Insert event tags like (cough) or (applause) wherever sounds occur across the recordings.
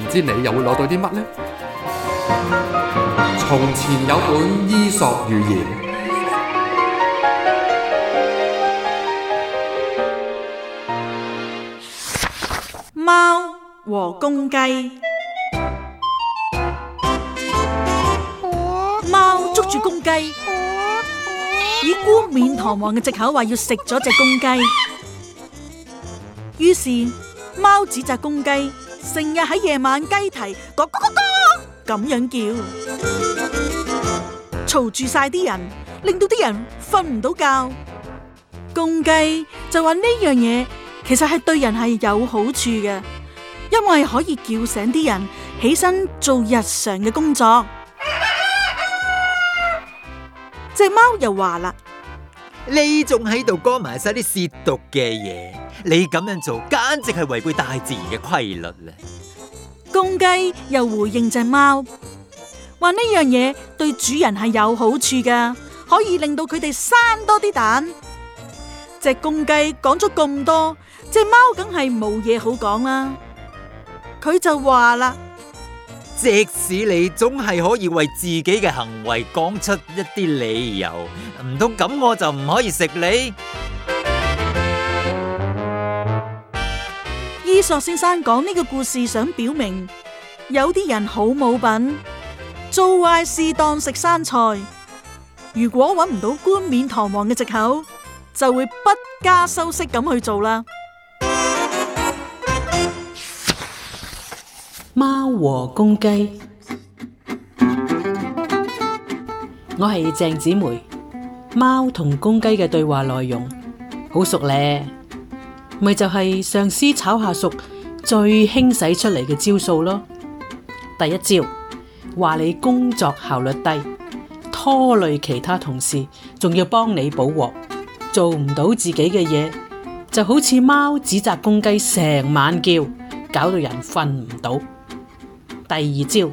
唔知你又會攞到啲乜呢？從前有本伊索寓言，貓和公雞。貓捉住公雞，以冠冕堂皇嘅藉口話要食咗隻公雞。於是貓指責公雞，成日喺夜晚雞啼嗰嗰嗰嗰咁樣叫，嘈住晒啲人，令到啲人瞓唔到覺。公雞就話呢樣嘢其實係對人係有好處嘅，因為可以叫醒啲人起身做日常嘅工作。隻貓又話啦。你仲喺度幹埋晒啲褻瀆嘅嘢，你咁樣做簡直係違背大自然嘅規律啦！公雞又回應隻貓，話呢樣嘢對主人係有好處噶，可以令到佢哋生多啲蛋。隻公雞講咗咁多，隻貓梗係冇嘢好講啦，佢就話啦。即使你總係可以為自己嘅行為講出一啲理由，唔通咁我就唔可以食你？伊索先生講呢個故事，想表明有啲人好冇品，做壞事當食生菜。如果揾唔到冠冕堂皇嘅藉口，就會不加修飾咁去做啦。和公雞，我係鄭子梅。貓同公雞嘅對話內容好熟咧，咪就係上司炒下屬最輕使出嚟嘅招數咯。第一招話你工作效率低，拖累其他同事，仲要幫你補鑊，做唔到自己嘅嘢，就好似貓指責公雞成晚叫，搞到人瞓唔到。第二招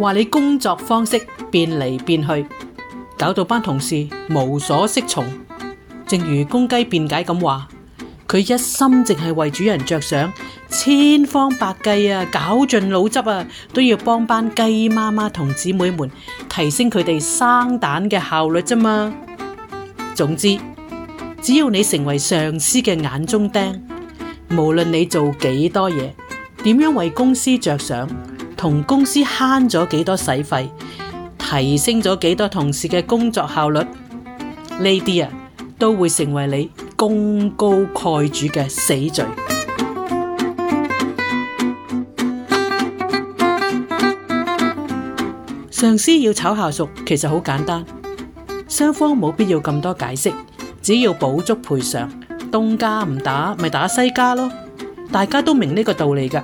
話你工作方式變嚟變去，搞到班同事無所適從。正如公雞辯解咁話，佢一心淨係為主人着想，千方百計啊，絞盡腦汁啊，都要幫班雞媽媽同姊妹們提升佢哋生蛋嘅效率啫嘛。總之，只要你成為上司嘅眼中釘，無論你做幾多嘢，點樣為公司着想。同公司慳咗幾多使費，提升咗幾多同事嘅工作效率，呢啲啊都會成為你功高蓋主嘅死罪。 (music) 上司要炒下屬，其實好簡單，雙方冇必要咁多解釋，只要補足賠償，東家唔打咪打西家咯，大家都明呢個道理噶。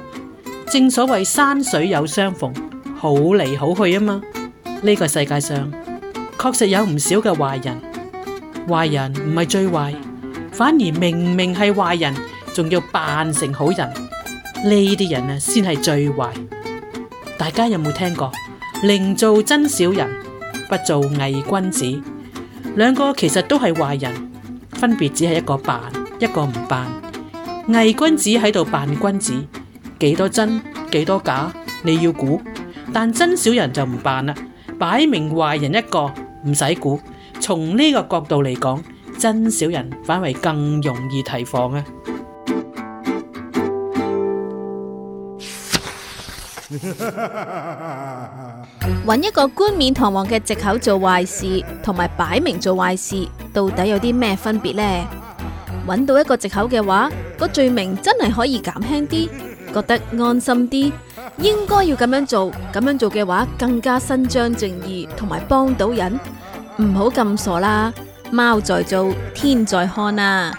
正所謂山水有相逢，好嚟好去啊嘛！呢個世界上確實有唔少嘅壞人，壞人唔係最壞，反而明明係壞人，仲要扮成好人，呢啲人啊先係最壞。大家有冇聽過寧做真小人，不做偽君子？兩個其實都係壞人，分別只係一個扮，一個唔扮。偽君子喺度扮君子。幾多真，幾多假，你要估。但真小人就唔辦啦，擺明壞人一個，唔使估。從呢個角度嚟講，真小人反為更容易提防啊！搵一個冠冕堂皇嘅借口做壞事，同埋擺明做壞事，到底有啲咩分別呢？搵到一個借口嘅話，個罪名真係可以減輕啲。覺得安心啲，應該要咁樣做。咁樣做嘅話，更加伸張正義同埋幫到人。唔好咁傻啦，貓在做，天在看啊！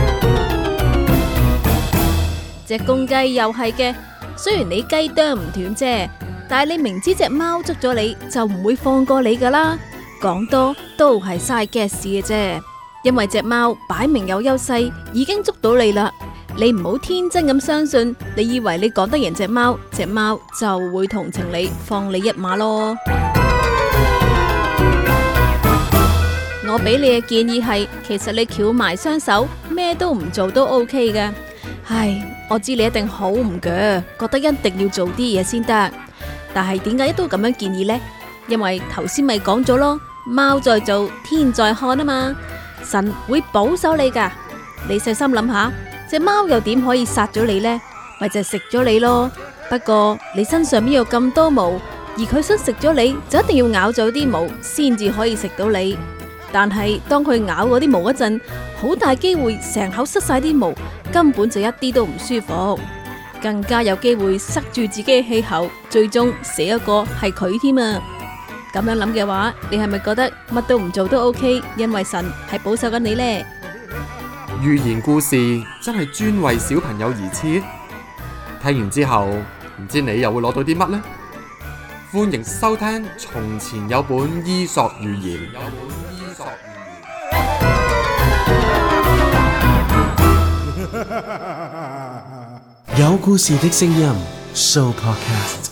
(music) 隻公雞又係嘅，雖然你雞啄唔斷啫，但係你明知隻貓捉咗你就唔會放過你噶啦。講多都係嘥嘅事嘅啫。因為隻貓擺明有優勢，已經捉到你啦，你唔好天真咁相信，你以為你講得贏隻貓，隻貓就會同情你放你一馬咯。 (music) 我俾你嘅建議係，其實你翹埋雙手咩都唔做都 OK 噶。唉，我知你一定好唔腳，覺得一定要做啲嘢先得，但係點解都咁樣建議呢？因為頭先咪講咗咯，貓在做，天在看啊嘛。神會保守你噶，你細心諗下，隻貓又點可以殺咗你呢？咪就係食咗你咯。不過你身上邊有咁多毛，而佢想食咗你，就一定要咬咗啲毛先至可以食到你。但係當佢咬嗰啲毛嗰陣，好大機會成口塞晒啲毛，根本就一啲都唔舒服，更加有機會塞住自己嘅氣口，最終死一個係佢添啊！咁樣諗嘅話，你係咪覺得乜都唔做都 OK？因為神係保守緊你呢。寓言故事真係專為小朋友而設，聽完之後唔知你又會攞到啲乜呢？歡迎收聽《從前有本伊索寓言》，有本伊索寓言，有故事的聲音 Sooo Podcast。